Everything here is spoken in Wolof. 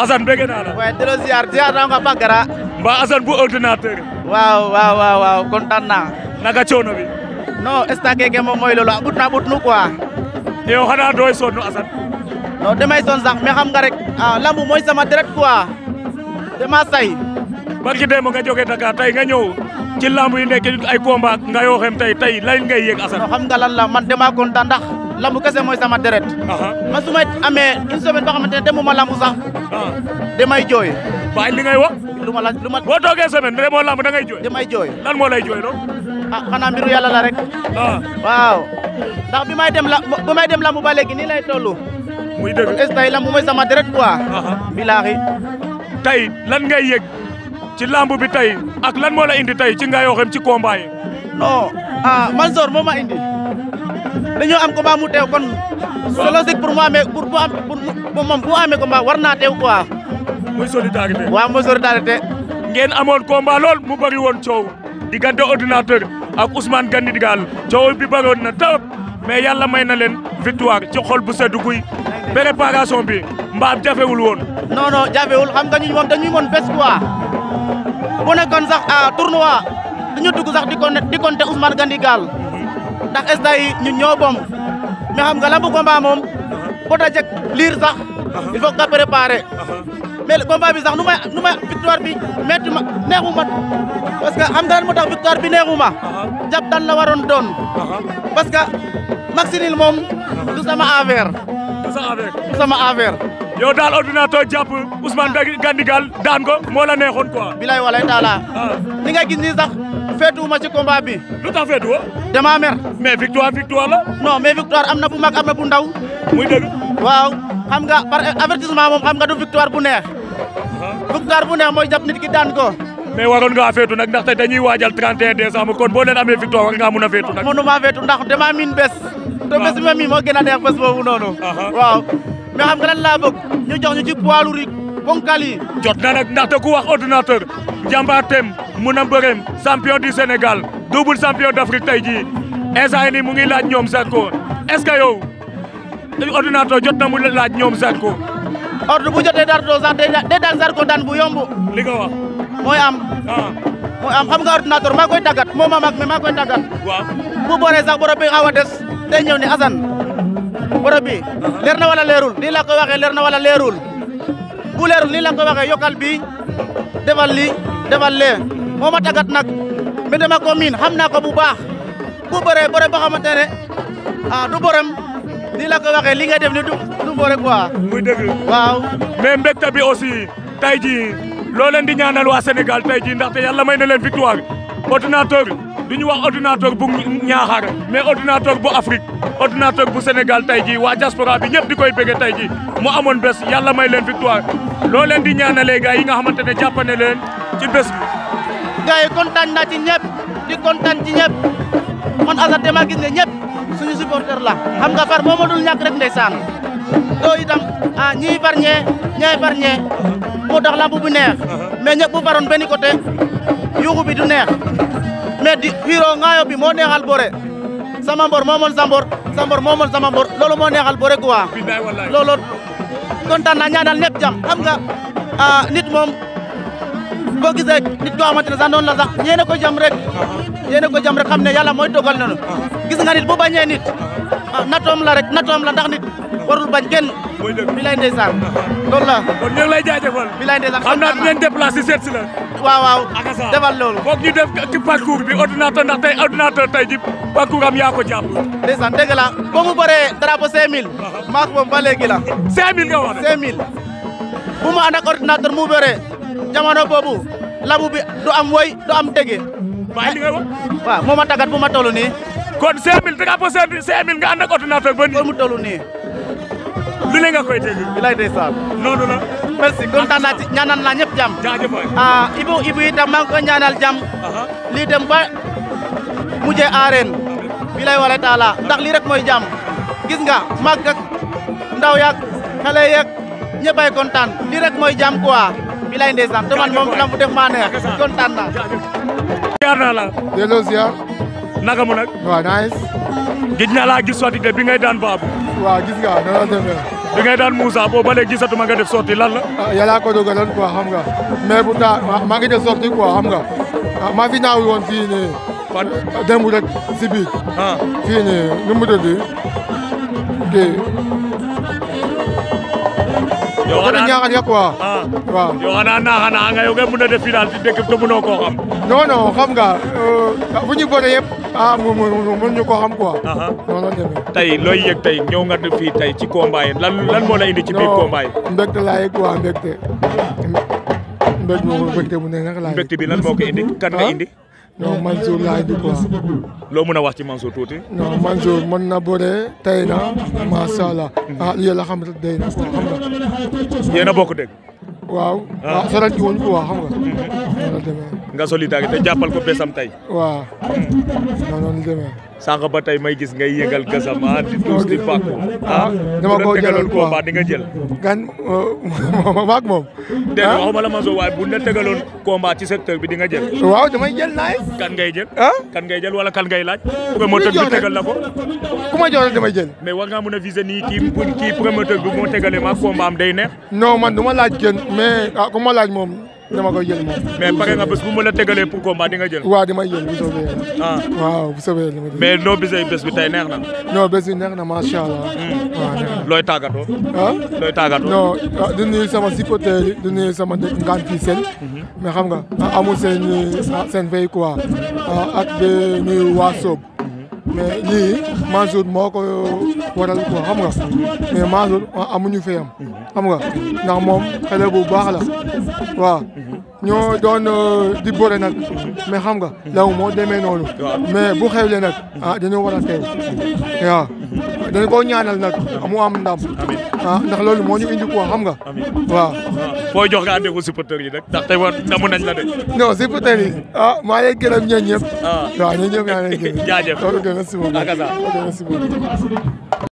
Assane bëgg naa la. waaye delloo ziar ziar naa nga Pagara. mbaa Assane bu ordinateur. waaw waaw waaw waaw kontaan naa. naka coono bi. non instant keeke moom mooy loolu but naa but nu quoi. yow xanaa dooy sonn Assane. non sax mais xam nga rek ah lambu mooy sama direct quoi dama say. barki démb nga jógee Dakar tey nga ñëw ci lamb yi nekk ay combat nga yoo xam tey tey lan ngay yëg Assane. non xam nga lan la man dama kontaan ndax. lambu kese mooy sama deret ma su ma amee une semaine boo xamante ma demuma lambu sax damay jooy baay li ngay wax lu ma la lu ma boo toogee semaine demoo lamb da ngay jooy damay jooy lan moo lay jooy loolu ah xanaa mbiru yàlla la rek waaw ndax bi may dem la bi dem lambu ba léegi nii lay toll muy dëgg est tay lambu mooy sama deret quoi bilaahi tay lan ngay yëg ci lamb bi tay ak lan moo la indi tay ci Ngayokhème ci combat yi non ah Mansour moo ma indi dañoo am ko combat mu teew kon solo si pour mu amee pour mu am pour moom bu amee combat war naa teew quoi. mooy solidarité waaw mooy solidarité. ngeen amoon combat lool mu bëri woon coow diggante ordinateur ak Ousmane Gandigal gaal coow bi bëroon na trop mais yàlla may na leen victoire ci xol bu sedd guy préparation bi mbaa jafewul woon. non non jafewul xam nga ñu moom dañuy moon bés quoi bu nekkoon sax tournoi dañu dugg sax di compter Ousmane Gandigal ndax instant yi ñun ñoo bomb mais xam nga lambu combat moom uh-huh. boo ta liir sax uh-huh. il faut nga préparer uh-huh. mais combat bi sax nu may nu may bi metti ma neexuma parce que am daan moo tax victoire bi neexuma jàpp daan la waroon doon parce que maxinil moom du sama affaire du sama affaire yow daal ordinateur jàpp Ousmane Gandigal daan ko moo neexoon quoi bilaay walay taala li ah. nga man féetuwuma ci combat bi. lu tax féetuwa. dama mer. mais victoire victoire la. non mais victoire am na bu mag am na bu ndaw. muy dëgg. waaw xam nga par avertissement moom xam nga du victoire bu neex. Uh-huh. victoire bu neex mooy jàpp nit ki daan ko. mais waroon ngaa féetu nag ndaxte dañuy waajal 31 décembre kon boo leen amee victoire war ngaa mun a féetu ndax dama miin bés. te ah. bés bi ma miin moo gën a neex bés boobu noonu. Uh-huh. waaw mais xam nga lan laa bëgg ñu jox ñu ci poids lourd yi ponkal yi. mun na mbërëm champion du senegal double champion d'Afrique tey jii instant nii mu ngi laaj ñoom Zarko est-ce que yow ordinateur jot na mu laaj ñoom Zarko. ordre bu jotee dara doo sax day daan Zarko daan bu yomb. li nga wax. mooy am. Ah. mooy am xam nga ordinateur maa koy tàggat moo ma mag mais maa koy tàggat. waaw bu booree sax borom bi xaw a des day ñëw ni Assane borom bi uh-huh. leer na wala leerul nii la ko waxee leer na wala leerul bu leerul nii la ko waxee yokkal bi defal lii defal lee. moo ma nag mi dama ko miin xam naa ko bu baax bu bëree bëre ba xamante ne ah du bërëm nii la ko waxee li nga def ni du du bëre muy dëgg waaw. mais mbégte bi aussi tay ji loo leen di ñaanal waa Sénégal tay ji ndaxte yàlla may na leen victoire ordinateur du ñu wax ordinateur bu ñaaxaar mais ordinateur bu Afrique ordinateur bu senegal tay ji waa diaspora bi di koy bëgge tay ji mu amoon bés yàlla may leen victoire loo leen di ñaanalee ga yi nga xamante ne jàppane leen ci bés gaay contane na ci ñëpp di contane ci ñëpp man Azar dama gis ne ñëpp suñu supporter la xam nga far moo dul ñak rek ndaysan do itam ah ñi far ñee ñee far ñee moo tax lamb bu neex mais ñëpp bu faron ben côté yuuxu bi du neex mais di wiro ngaayo bi mo neexal boore sama mbor moo zambor zambor mbor sama mbor lolu mo neexal boore quoi lolu contane na ñaanal ñëpp jam xam nga ah nit mom. boo gisee nit koo xamante ne sax noonu la sax yéene ko jam rek yéene ko jam rek xam ne yàlla mooy dogal na nu gis nga nit bu bañee nit ah, natoom la rek natoom la ndax nit warul bañ kenn bilaay ndeysaan loolu la kon ñu ngi lay jaajëfal bilaay ndeysaan xam naa dinañ déplacé seet si la waaw waaw defal loolu foog ñu def ci parcours bi ordinateur ndax tey ordinateur tey ji parcours am yaa ko jàpp ndeysaan dëgg la boo mu bëree drapeau 5000 maa ko moom ba léegi la 5000 nga bu mu ànd ak labu bi du am way du am tege. waaye li nga wax. waaw moo bu kon 5000 danga po 5000 nga ànd ak ordinateur ba nii. mu tolu ni lu ne nga koy dégg. bilay ndeysaan. noonu la. merci kontaan naa ci ñaanal la ñep jam ah ibu ibu itam maa ko ñaanal jam li dem ba mujjee bi lay wala taala ndax li rek moy jam gis nga mag ak ndaw yak xale yak ñëppay kontaan li rek moy jam quoi. bilaay ndeysaan te man moom lamb def maa neex kontaan naa. ziar naa la. delloo ziar. naka mu nag. waaw nice. gis naa laa gis sotti de bi ngay daan baabu. waaw gis nga noonu la demee. bi ngay daan Moussa boo ba léegi gisatuma nga def sotti lan la. Ah, yàlla ko dogaloon quoi xam nga mais pourtant maa ngi def a quoi xam nga ah, maa fi naawul woon fii nii. fan ah, démb rek si biir. fii nii nu mu tudd yow ah. xanaa ñaaxal ya quoi waaw yow xanaa naaxa naaxa nga yow nga mën a def final ci dëkk te mënoo koo xam non non xam nga fu euh, ñu boole ah mën ñu koo xam quoi non non demee tey looy yëg tey ñëw nga fii tey ci combat yi lan lan moo la indi ci biir combat yi mbégte laa yëg quoi mbégte mbégte moom mbégte bu ne nag bi lan moo ko indi kan nga ah? indi non eh, Mansour laay bi loo mën a wax ci Mansour tuuti. non Mansour mën na bëre tey na macha allah. Hmm. ah yàlla xam nga day na quoi a bokk dégg. waaw. ah, ah soo ci woon a xam nga. Hmm. nga soli daal te jàppal ko besam tey. waaw. non hmm. non demee. sànq ba tey may gis ngay yëngal gasama eh, eh, di tuus di bàkku eh, ah dama ko tegaloon combat di nga jël kan euh, maak moom dé ah? waxuma la ma so waaye bu na tegaloon combat ci secteur bi di nga jël waaw damay jël naay kan ngay jël ah kan ngay jël wala kan ngay laaj a promoteur bi tegal na ko ku ma jox rek damay jël mais war ngaa mën a viser nii kii buñ kii promoteur bi moo tegalee ma combat day neex non man du ma laaj kenn mais ah ku ma laaj moom dama koy jël moom. mais pare nga bés bu ma la tegalee pour combat di nga jël. waaw damay jël bu soobee ah. bu soobee yàlla. mais noo bisee bés bi tey neex na. non bés bi neex na macha allah. Hmm. looy tàggatoo. ah looy tàggatoo. non ah, du nuyu sama supporter yi du nuyu sama ngaan fii mhm. mais xam nga ah, amul seen seen fay quoi ak di nuyu waa Soob. mais lii Mansour moo ko waral ko xam nga mais Mansour amuñu fayam xam nga ndax moom xale bu baax la waaw ñoo doon euh, di boole nag mais xam nga law moo demee noonu mais bu xewlee nag ah dañoo war a teew waaw dan koo ñaanal nag amu am ndam ah ndax loolu moo ñu indi quoi xam nga waaw boo jox nga àndee ko supporters yi rek ndax tey war damu nañ la de non supporters yi ah maa ngi gërëm ñoom ñëpp ah. waaw ñoom ñëpp maa ngi gërëm jaajëf ok